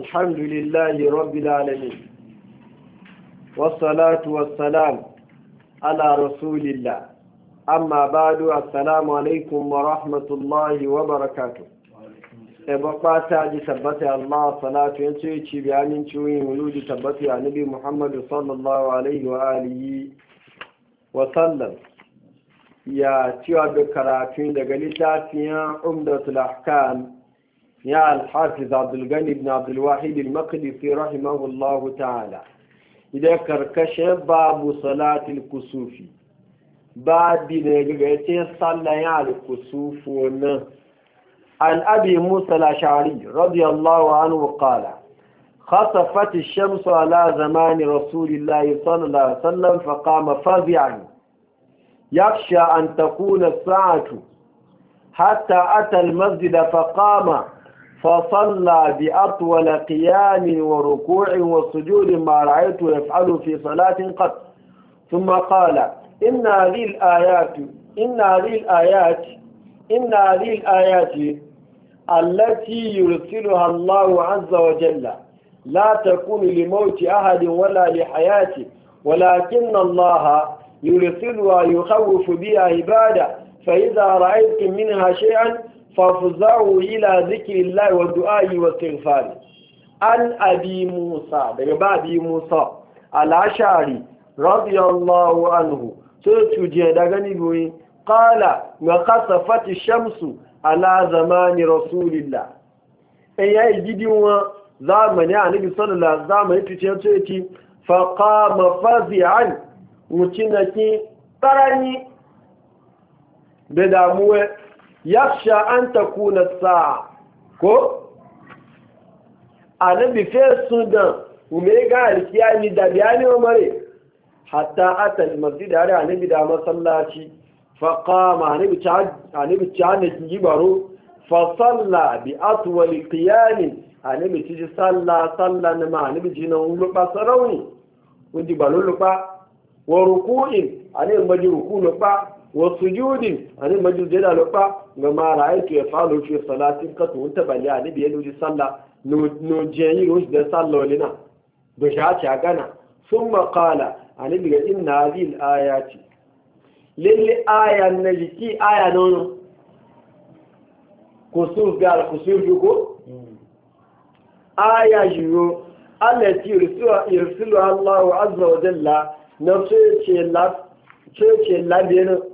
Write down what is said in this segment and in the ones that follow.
الحمد لله رب العالمين والصلاة والسلام على رسول الله أما بعد السلام عليكم ورحمة الله وبركاته أبقى تاج سبت الله صلاة ينسوي تشبيان ينسوي ولود سبت النبي محمد صلى الله عليه وآله وسلم يا تيوب كراتين دقلتاتيا أمدة الأحكام يا الحافظ عبد الغني بن عبد الواحد المقدسي رحمه الله تعالى إذا كركش باب صلاة الكسوف بن نجاتي صلى على الكسوف عن أبي موسى الأشعري رضي الله عنه قال خطفت الشمس على زمان رسول الله صلى الله عليه وسلم فقام فزعا يخشى أن تكون الساعة حتى أتى المسجد فقام فصلى بأطول قيام وركوع وسجود ما رأيت يفعل في صلاة قط ثم قال إن هذه الآيات إن هذه الآيات إن هذه الآيات التي يرسلها الله عز وجل لا تكون لموت أحد ولا لحياته ولكن الله يرسلها يخوف بها عباده فإذا رأيتم منها شيئا fafuzahu ila zikrillah wa du'ai wa istighfar an abi musa daga ba abi musa al-ashari radiyallahu anhu sai tuje daga ni goyi qala wa shamsu ala zamani rasulillah eh yayi gidin wa zamani annabi sallallahu alaihi zamani tuce tuce fa qama fazi'an mutinaki tarani da damuwa yaksha an ta kuna sa'a ko anabi fe sudan umega ni da bayani mare hatta atal masjid har anabi da masallaci fa qama bi ta anabi ta ne jibaro fa salla bi atwal qiyam bi ji salla salla na ma anabi jina ulupa sarauni wudi lulluɓa wa ruku'in anabi ruku ruku'ulupa wasu Juni a ne majus da lupa ga mara aiki ya falo fi salatin kasu wunta bali a nibi ya nuji sallah no jeyi rush da sallolina da shaci a gana sun makala a nibi ga inna azil ayati lalle aya na jiki aya na wani kusur ga alkusur yugo aya yiwu allati yursilu allahu azza wa jalla na ce ce labiyanin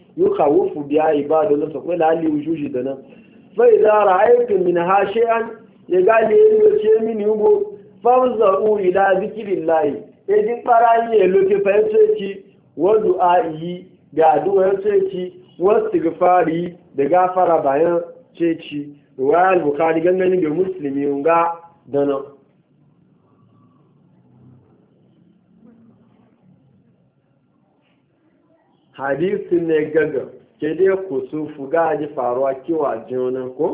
yukhawifu biya ibadu nan sakwai lali wujuji da nan fa idza ra'aytum min hashi'an ya gale yo ce mini ugo fawza'u ila zikrillahi e din barayi e lote fa yace ci wa du'a'i ga du'a yace wa istighfari da gafara bayan ceci, ci ruwayal bukhari ganganin ga muslimi ga da nan hadisi ne gaga ke dai ku su fuga ji faruwa kiwa jina ko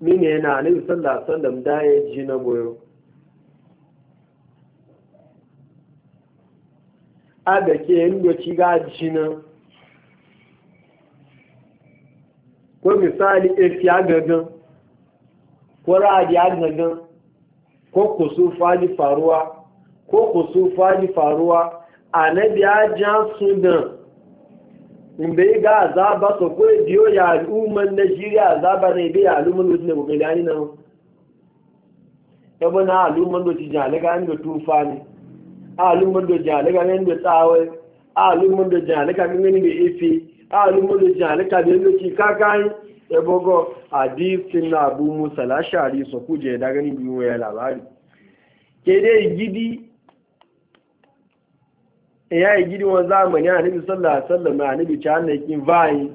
mini na alaihi sallallahu alaihi wasallam da ya ji na goyo a da ke yin doci ga ji na ko misali efi agagan ko ra'adi agagan ko kusufa ji faruwa ko kusufa ji faruwa annabi ya ja sunan in yi ga azaba so ko biyo ya al'umman Najeriya azaba ne bai al'umman wasu ne gobe da ni nan yabo na al'umman da ji jale ga inda tufa ne al'umman da jale ga inda tsawe al'umman da jale ga inda ne ife al'umman da jale ga inda ci kakai ebogo hadisin na abu musa lashari su kuje da gani biyu ya labari ke dai gidi eh, ya yi gidi wani zamani a nabi sallallahu alaihi wasallam a nabi ci hannun kin vayi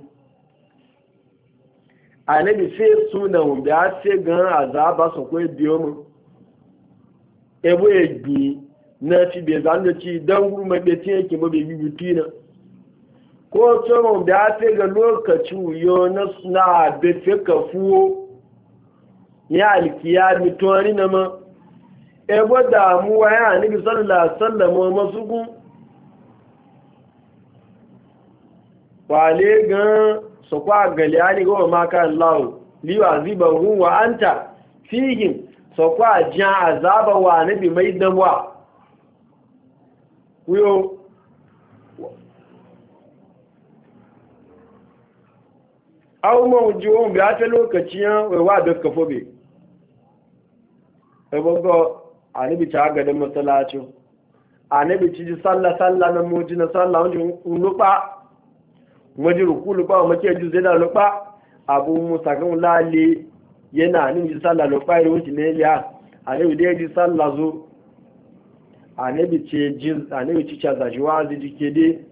a nabi sai sunan biya sai gan azaba su kwe biyo mu ebo ya gbi na ci bai zanen ci don gurma da tiye ki mabe bibi tina ko tsoron da ya fi ga lokaci wuyo na suna da fi fuwo ya bi tori na ma ebo damuwa ya nabi sallallahu sallama masu gun kwale gan su kwa gali ya ni goma maka lau liwa ziban hun wa ta fihim su kwa jan azaba wa nabi mai damuwa wuyo aw won bi ata lokaciyan wa da e ebo go bi ta ga da ani bi ci ji sallah sallah na moji na sallah wani lupa moji ruku lupa wa ke ju zai da lupa abu musa kan lale yana ni ji sallah lupa irin wuce ne ya bi dai ji sallah ani bi ji jin bi ci ca zaji ji ke de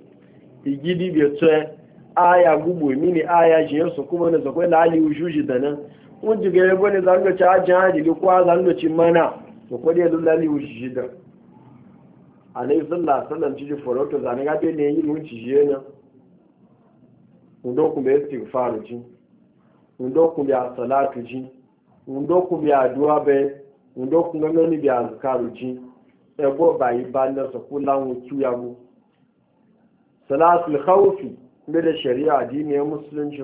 igidi bai tsaye aya gubo mini aya jiyar su kuma na zakwai lali ujuji da nan kun ji ga yabo ne zan ci ajin haji ko kwa zan ci mana to ko dai dun lali ujuji da alayhi sallallahu alaihi wasallam ji foroto zan ga dai ne yi mun ci je na mun do ku be istighfar ji mun do ku ya salatu ji mun do ku ya addu'a be mun do ku ngani bi azkaru ji ebo bayi ba na so kula mu kiyabu salatul khawfi da shari'a dini addiniyar musulunci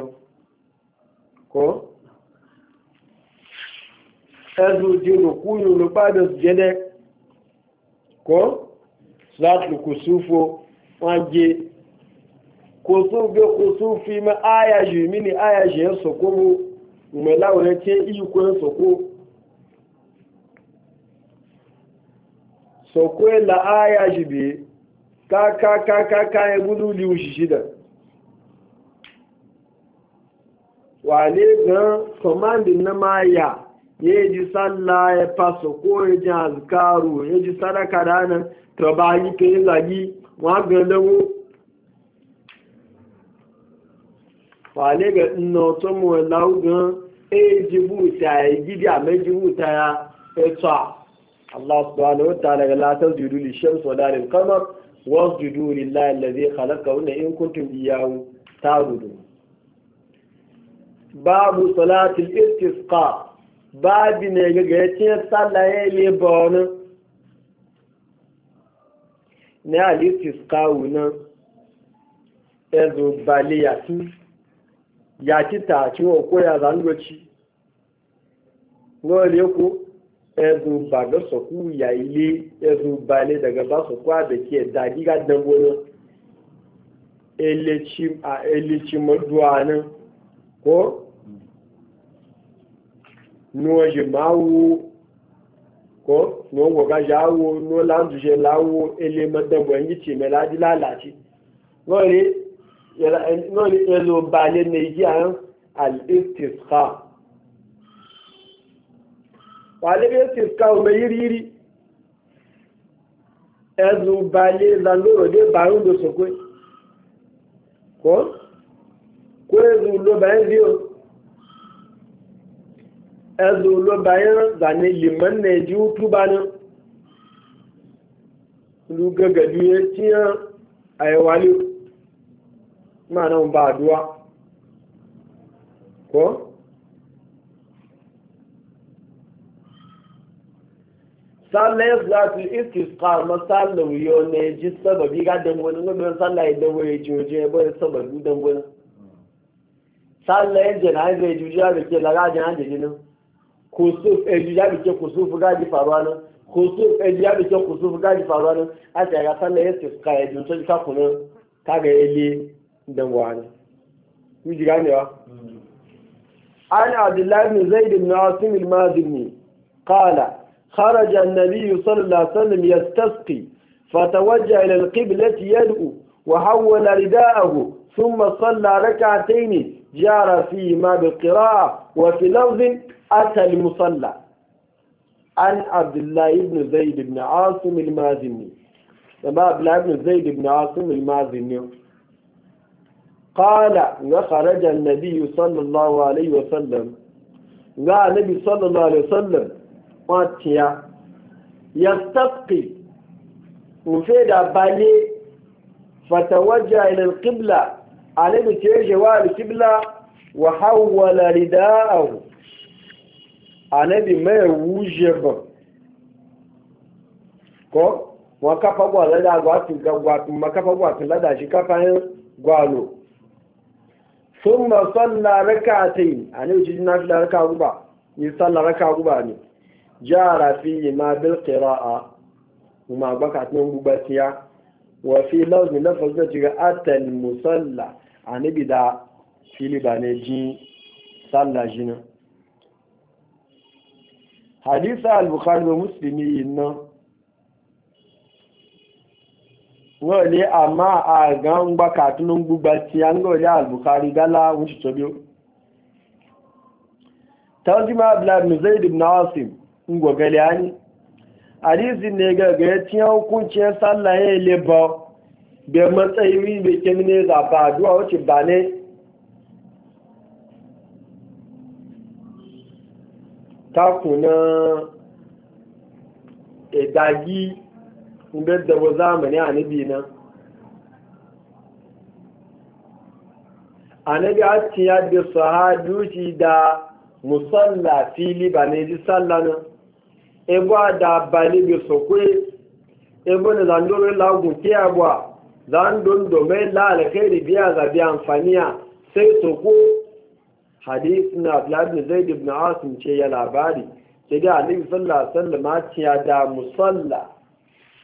ko ɗazu jiro kuyu lubadus jede ko zatu kusufo wage kusufo kusufi ma aya ji mini aya ji ya soko mu umelawure ce ikon soko soko la aya ji bi ka ka ka ka ka ya gudu liwu shida wale gan commandin na maya ya ji sallah ya faso ko ya ji azkaru ya ji sadaka ranar to ba yi ke yi zagi wagan dawo wale ga ina otu mu gan e ji buta ya e gidi a mai ji buta ya eto Allah subhanahu wa ta'ala ga latar judu li shams wa dalil qamar wasjudu lillahi allazi khalaqahu in kuntum iyyahu ta'budun babu salatul istisqa babu ne ga ga yace sallah ya le ba wani ne al istisqa wuna ezo bali ya tu ya ti ta ci o ko ya zan goci no le ko ezo ba do so ku ya ile ezo bale daga ba so ku abeke da diga dan wona ele chim a ele chim duana ko nuwaje mawo ko nuwan goga jawo nuwa landu je lawo ele madagwan yi ce mai ladi lalace nori elo bale na yi an al-istisqa walibi istisqa o mai yiri ẹzù balẹ̀ lálóró dé bàrún lóṣogbo kó kó ẹzù ló bá ń rí o ezo lo bayan zane liman na ji hutu banin ruga gadi ya ciya a yi wani ma'ana ba duwa ko sallah za su istisqa masallu yo ne ji sababi ga dan wani ne sallah ya wani joje ya sababu dan wani sallah jana ga juja da ke laga jana da jinin kusuf eji ya bike kusuf gaji faruwa nan kusuf eji ya bike kusuf gaji faruwa nan a ta ga sanna ya ce ka eji to ka kuma ka ga ele dan wani ku ji gane wa an abdullahi bin zaid bin asim al-madini qala خرج النبي صلى الله عليه وسلم يستسقي فتوجه إلى القبلة يدعو وحول رداءه ثم صلى ركعتين جار ما بالقراءة وفي لفظ أتى المصلى عن عبد الله بن زيد بن عاصم المازني لما عبد الله بن زيد بن عاصم المازني قال وخرج النبي صلى الله عليه وسلم قال النبي صلى الله عليه وسلم واتيا يستبقي وفيدا بالي فتوجه إلى القبلة annabi ce jawa al-qibla wa hawwala rida'ahu annabi mai wuje ba ko wa kafa gwa lada gwa gwa lada shi kafayin gwalo thumma salla rak'atayn annabi ji na fi raka guba ni salla raka guba ne jara fi ma bil qira'a kuma baka tun gubatiya wa fi lafzi atal musalla anabi da fili ba ne jin sallah jinin hadisa al-bukhari wa muslimi yin nan wọ́n àmá àgán ń gbá kàtúnú gbúgbà tí a ń gọ̀lẹ́ al-bukhari gálá ń ṣùtọ́ bí ó tàwọ́jímá abdullahi zaid ibn ń gọ̀gẹ̀lẹ̀ á ní ne gẹ̀gẹ̀ tí a ń kún tí a sálàyé ilé bọ́ bai matsayi wi bai kemi ne za ba duwa wace ba ne taku na edagi inda da ba zamani a nabi nan a nabi a ciyar da su haduci da musalla fili ba ne ji salla nan ebe da ba ne bai sokwe ebe da zandorin lagun ke abuwa zan don domin lalakai biya zabi amfaniya sai to ku hadith na abdullahi zaid ibn asim ce ya labari Sai da alaihi wasallam ce ya da musalla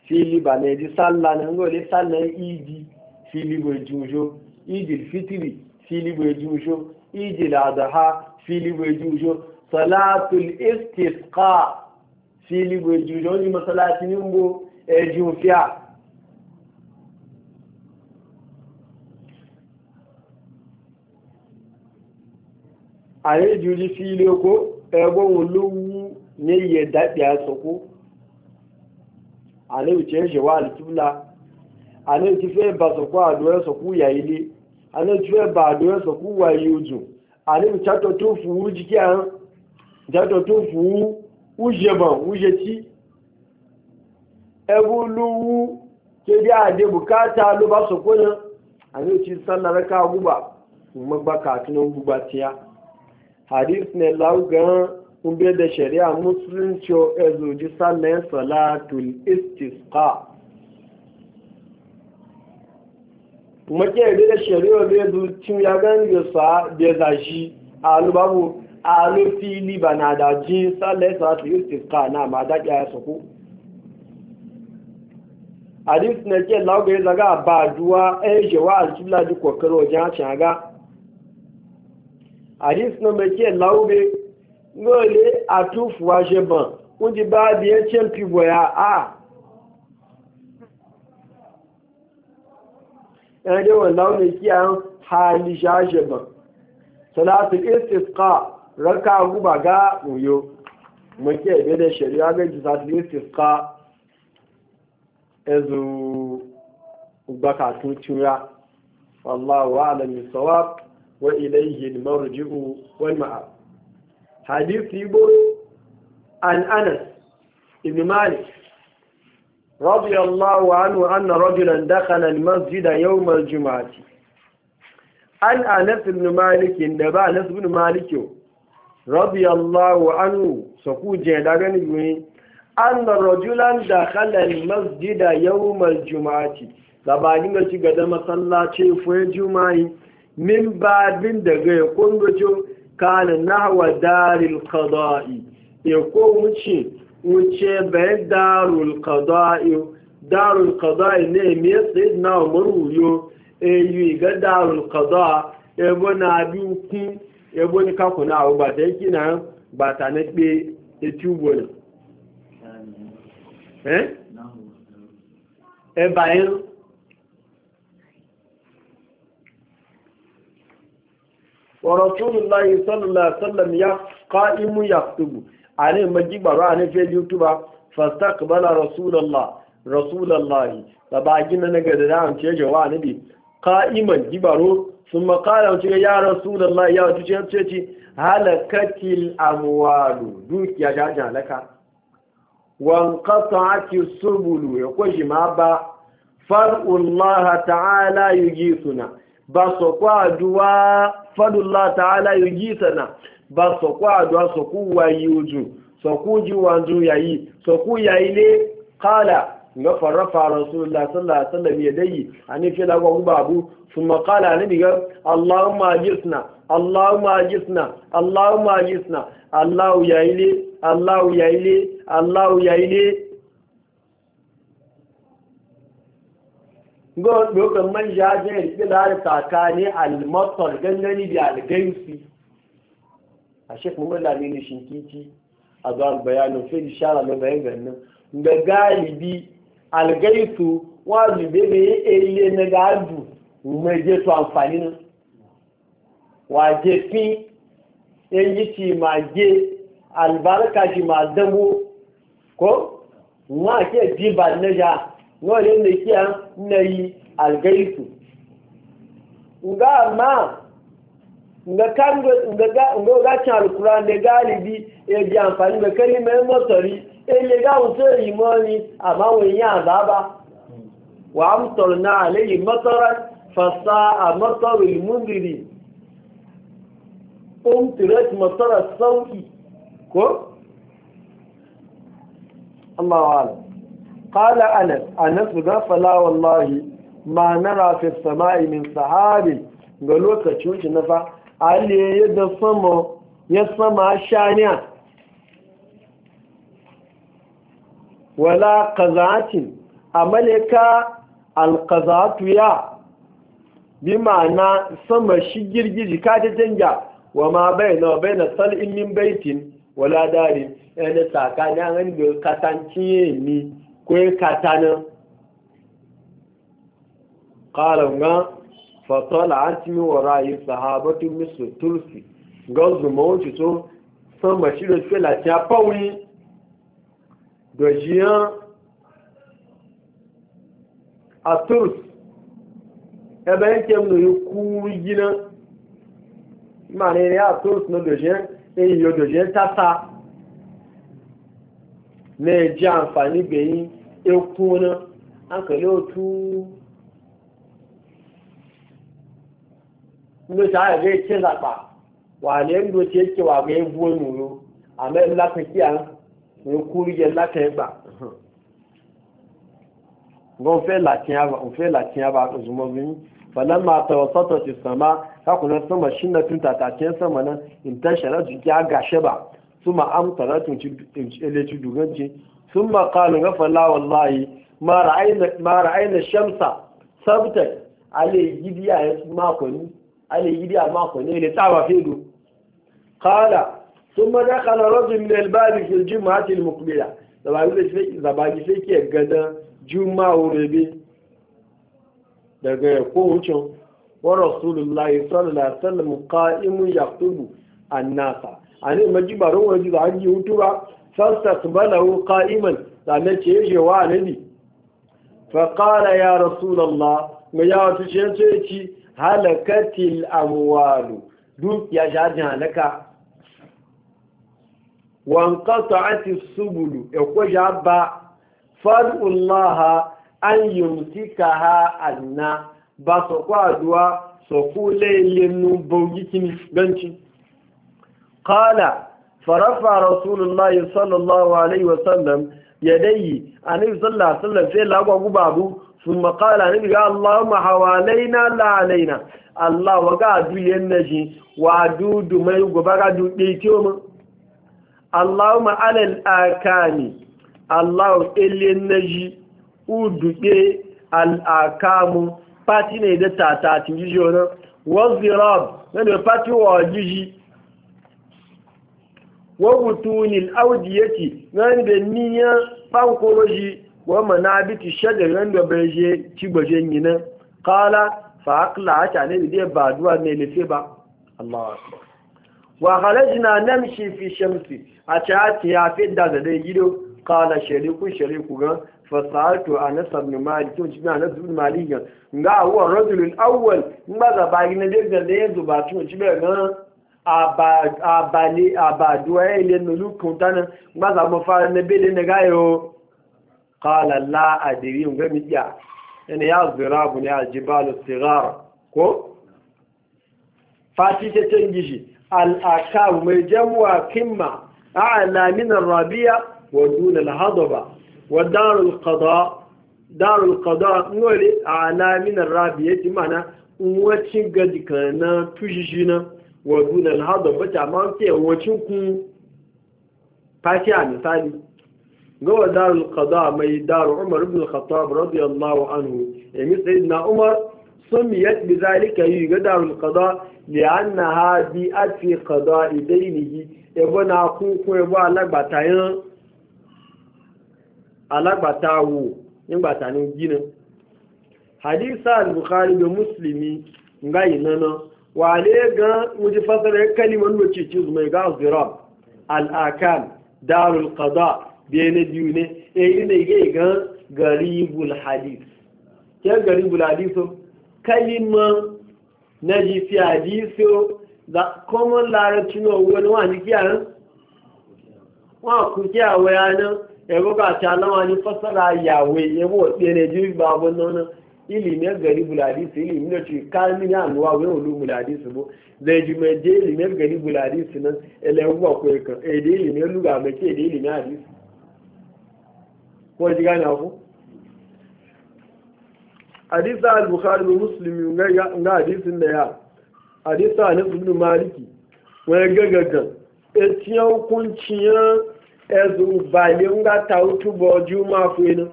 fili ba ne di sallah na ngole sallah idi fili bo jujo idi fitri fili bo jujo idi adha fili bo jujo salatul istisqa fili bo jujo ni masalati nimbo e jufiya a yi juri fili ko ẹgbọn olówú ní iye dápẹ́ àsọkó àléwì tí ẹ ṣe wá àlùtúbùlà àléwì tí fẹ́ bá sọkó àdó ẹ sọkó yà ilé àléwì tí fẹ́ bá àdó ẹ sọkó wà iye òjò àléwì tátọ̀ tó fún un jíkẹ́ àrùn tátọ̀ tó fún un wúṣẹ̀bọ̀n wúṣẹ̀tí ẹgbọn olówú kéde àdé bùkátà ló bá sọkó náà àléwì tí sanna rẹ ká gbúgbà gbogbo àti náà hadis ne laugan umbe da shari'a musulunci ya zoji sannan salatul istisqa kuma ke yadda da shari'a zai zuci ya gani da sa da zashi a alubabu a alufili ba na da ji sannan salatul istisqa na ma da ya sako hadis ne ke laugan ya zaga ba duwa ɗaya eh, shewa a cikin ladi kokarin wajen haga hadis na meke laube ngole atufuwa sheban kundi baadhi ya chempi boya a yanzu e wallahu ne kiyan hali shasheban salatul istisqa raka guba ga uyo muke ebe da shari'a ga salatul istisqa ezu ugbaka tutura wallahu a'lam wa ilaihi marji'u wal ma'ab hadithi bo an anas ibn malik radiyallahu anhu anna rajulan dakhala al masjid yawm al jumu'ah an anas ibn malik da ba anas ibn malik radiyallahu anhu saku je da gani ne anna rajulan dakhala al masjid yawm al jumu'ah da ba ga shiga da masallaci fa juma'i min babin daga ya kundocin kanin nahwa na qada'i ya ko wuce wuce bai darul qada'i darul ne me sayyidina umar wuyo e eh, ga darul qada e bona bi ba ta yi na ba ta na pe e tubo na eh e bayan wa rasulullahi sallallahu alaihi wasallam ya qa'imu yaktubu ane magibaro ane fe yutuba fastaqbala rasulullah rasulullahi babagina na ga da an ce jawa nabi qa'iman gibaro Sun qala an ce ya rasulullahi ya tuce ce ci halakatil amwalu dukiya ja ja halaka wa anqata'ati subulu ya kwashi ma ba far'ullaha ta'ala yugisuna ba so kwa aduwa fadullah ta'ala yuji sana ba so kwa aduwa so ku wayi uju so ku ji wanzu yayi so ku yayi ne kala ga farafa rasulullah sallallahu alaihi wasallam ya dai ani fi da gwan babu kuma kala ne diga allahumma jisna allahumma jisna allahumma jisna allah yayi ne allah yayi ne allah yayi ne ga dokan man jajen ikilar tsakani almatar gangani da algaisi a shek muhammad lamini shinkiki a zuwa bayanin fi ishara na bayan ganin ga galibi algaisu wani bebe e ya ele na gadu mai je to amfani nan waje fi yanyi e ci ma je albarka shi ma damo ko ma ke diba na ja wọ́n lè kí a nà yí algaisu nga ma nga kan nga ga nga ga cin alquran da galibi ya e ji amfani da kalimar masari eh le ga wuce imani amma wani ya zaba wa amtarna alayhi mataran fasaa mataru almundiri umtirat matara sauki ko Allah wa'ala قال أنس أنس غفلا والله ما نرى في السماء من سحاب قالوا كتشوش نفع لي يد السماء يسمى الشانع ولا قزعة أملك القزعة يا بمعنى سما شجر جيجي تنجا وما بين وبين صلء من بيت ولا دار يعني ساكاني عن كتانتيني kwe katana ƙalan ga fatola an cimi yi rayu sahabatun misu tursi ga zuma wuce so san mashi da suke lafiya fauni da jiyan a turs ebe yake nuna kuri gina ma ne ya turs na da jiyan eyi yau da ta sa. na ji amfani bayi ekwu na aka yi otu ndoci aka ga e ce zaɓa wa ne ndoci yake wa ga ebuwa nuno a mai e lafa kiya ne kuri ya lafa yaba ga ofe latin yaba a zumobin falon ma ta wasata ce sama hakunan sama shi na tun tatacen sama nan in tashara jiki a gashe ba suma amtara na tunci eleci duganci summa qalu ghafala wallahi ma ra'ayna ma shamsa sabta ale gidiya ma koni ale gidiya ma koni le tawa fedu qala thumma dakhala rajul min al-bab fi al zabagi sai ke gada juma'u rabi daga ko wucin wa rasulullahi sallallahu alaihi wasallam qa'imun yaqtubu an ani maji baron waje da haji hutu ba fastasbalahu qa'iman da ne ce je wa nabi fa qala ya rasulullah me ya wata ce ce ci halakatil amwalu duk ya jajin halaka wa qata'ati subul ya ko ja ba fadullah an yumtikaha anna ba so kwa duwa so kule lenu bogi kini ganci qala farafa rasulullahi sallallahu alaihi wasallam yadayi annabi sallallahu alaihi wasallam sai lagwa gubabu sun maƙala annabi ya Allahumma hawalaina la alaina Allah wa ga duyen naji wa dudu mai gobe ga dude kiyo mu Allahumma alal akami Allah ilin naji udude al akamu pati ne da tata tin jijo na wazirab ne pati wa jiji wa butunil audiyati nan niyan niya bankoroji wa manabiti shagaran da bai je ci gbaje nan qala fa aqla ata ne da ba duwa ne lefe ba Allah wa su. Wa nan shi fi shamsi a ta ya fi da da gido qala shariku shariku ga fasaltu anas ibn malik kun cikin na ibn malik ga huwa rajulul awwal in ba za ba ne da ya yanzu ba tun cikin ga abali abaduwa ile nulukun tana gbaza mafara na bele na gayo kala la adiri nga miya yana ya zira bu ne aljibalu sigar ko fati ta canji shi al'akawu mai jamuwa kimma a alamin rabiya wa duna al-hadaba wa darul qada darul qada ngole alamin rabiya ti mana wacin gadi kana tujiji na wọ̀dún alhadar bata ma ce tẹ́ ku kun fashi a misali gawa darul qada mai daru umar ibn khattab radiyallahu anhu misali, sayyidina umar sumiyat bi zalika yi ga darul qada li annaha bi atfi qada idainihi e bona na ku e ba lagbata yan alagbata wo nígbàtà ni gínà hadisa al-bukhari da muslimi ngai nana wale ga muji fasara kalimar mace ci zumai ga zirab al'akam darul qada biye na biyu ne e eh, yi ne ga ga garibul hadith ke garibul hadithu kalima na ji fi hadithu da common larabci na wani wani kiyayen wọn kú kí àwọn ya náà ta àti aláwọn fasara yawe yàwó bo ìpínlẹ̀ jù ìgbà ọgbọ́n ilimin gari buladisi ilimin da ce kalmin ya nuwa wani olu buladisi bu zai ji mai je ilimin gari buladisi nan elewa ko ya kan e eh, da ilimin luga mai ke da ilimin hadisi ko ji gane ku hadisi al-bukhari da muslim ga hadisin da ya Hadisa a nasu bin maliki wani gagagan etiyan kunciyan ezu balin e ga ta hutu ba juma fuenin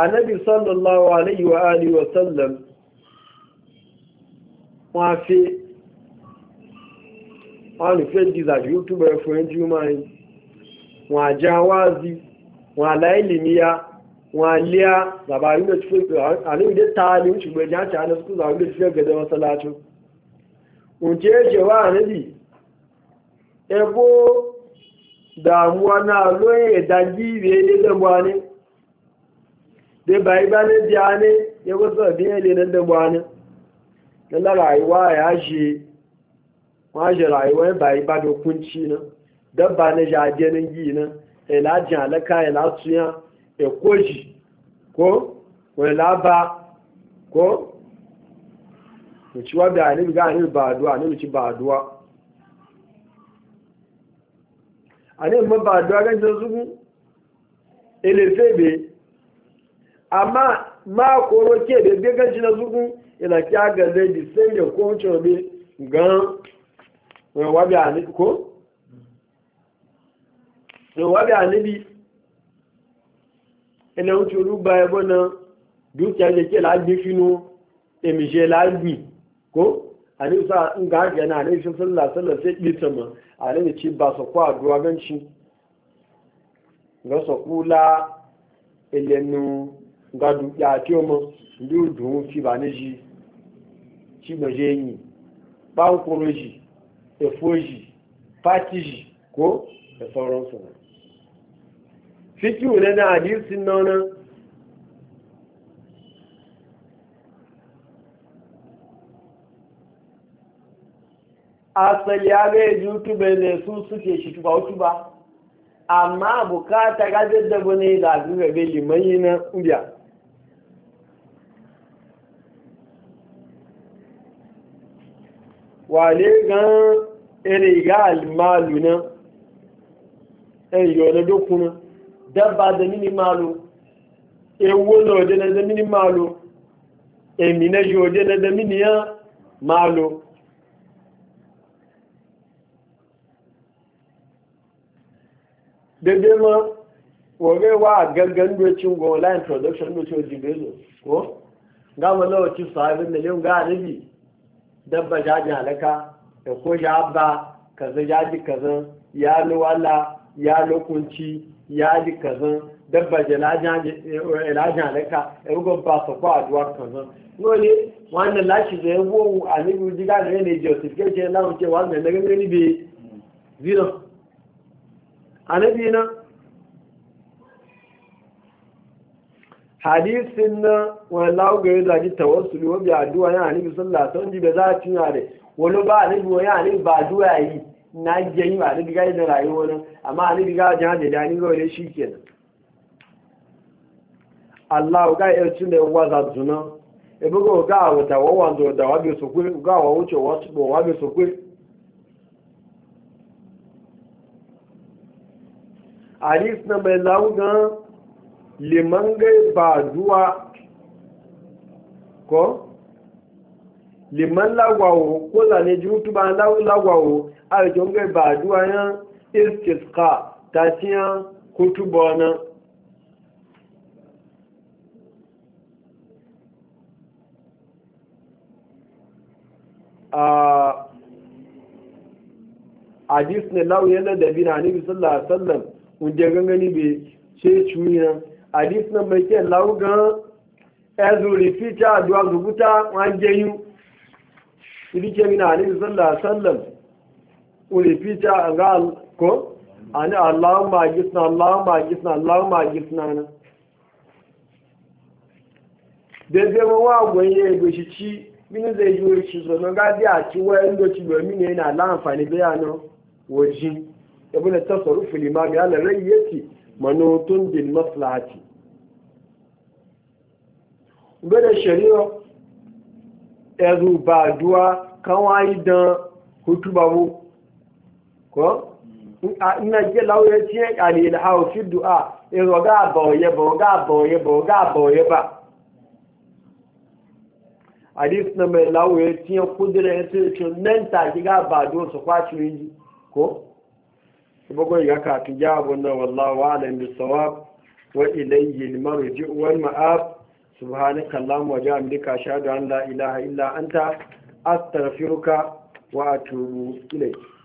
ànábì sallallahu alayhi wa alihi wa sallam wọ́n á fi wọ́n lè fẹ́ di ìzàjú youtube ẹ̀fọ́ ẹjú máa ń wọ́n àjá wáàzí wọ́n aláìlèmíyá wọ́n alíá bàbá ilé tí fẹ́ àríwìdé táà ní ṣùgbọ́n ẹjá àti àánú skúlù àwọn ilé tí fẹ́ gẹ̀dẹ̀ wọn ǹjẹ́ ẹ̀ṣẹ̀ wá àríwì ẹbó dààmú aná lóyìn ẹ̀dájí ìrẹ́ ilé dai ba ba ne biya ne ya wasu biya ne nan da ba ne lalla rayuwa ya shi kwashe rayuwa ya ba yi ba da kunci nan dabba na jaje nan gi nan ila jalaka ila tuya e koji ko wala ba ko mu ci wa da ni ga ni ba duwa ni mu ba duwa ane mu ba duwa ga zo zugu ele febe amma ma koro ke da bigan shi na zugun ila kya ga zai di sai da ko wuce bi gan wabi ani ko wabi ani bi ina wuce ruba ebo na dukiya da ke lagbi finu emishe lagbi ko ani sa in ga ga na ne shi sallah sallah sai bi tama a ani ci ba so kwa duwa ganci ga so kula ilenu ga ya ati omo ndi odun ti ba neji ti gbeje yin ba okoro ji efo ji pati ji ko eforo so fiki wule na hadisi nona asali ya ga youtube ne su suke shi tuba tuba amma bukata ga jaddabo ne da zuwa bai liman yi na ubiya wale gan eriga almalu na eriga na dokuna dabba da mini malu ewo na ode na da mini malu emi na ji ode na da mini ya malu dede ma wa dabba jaji halaka da ko jabba kaza jaji kaza ya lo wala ya lo kunci ya ji kaza dabba jalajan eh, halaka ya rugo ba su kwa aduwa kaza wannan lóni wọn nà láti rẹ̀ wó àníbi jígá rẹ̀ lè jẹ́ òsì kéjẹ láwọn jẹ́ wọn nà lẹ́gbẹ̀ẹ́ níbi zero àníbi na hadisin na wani lagos ya zaji tawassuli wabi ya hannun sallah ta ji da za a tuna da wani ba a nabi wani hannun ba addu'a yi na jiyan ba a gaya da rayuwa nan amma a nabi gaya jihar da dani gawa da shi allah ga iya cin da yawa za su nan ebe ga ga wata su kwe ga wa wuce wasu su kwe hadis na mai lagos liman gai ba duwa ko liman lagwawo ko zane ji mutu ba lagwawo a rikin gai ba duwa yan istiska ta ciyan kutu bonan a jisne ne lawo yana da bi na nabi sallallahu alaihi wasallam wanda gangani bai sai cuyi hadisi na mai ke laugan ezuri fita aduwa rubuta wọn jeyu idi ke mina hadisi sallallahu sallam uri fita a ko ani allahumma gisna allahumma gisna allahumma gisna na daidai wọn wà gbọnye egoshici mini zai yi oṣù sọ̀nà gádí àti wọ́n ń lọ́tí manutun bil maslahati gada shari'a ẹrù bá duwa kan wáyé dán hutubawo kọ́ ina jẹ́ láwọ́ tí ẹ àlè ìlàhà òfin du'a ẹrọ gáàbọ̀ ọ̀yẹ́bọ̀ gáàbọ̀ ọ̀yẹ́bọ̀ gáàbọ̀ ọ̀yẹ́bà hadis na mai lawo ya tiyan kudirin ya ce nan take ga ba don su kwaci yi ko bugun ya kafi jabun na wallahu alam bisawab wa ilayhi almarji wal ma'ab subhanaka allahumma wa bihamdika ashhadu an la ilaha illa anta astaghfiruka wa atubu ilayk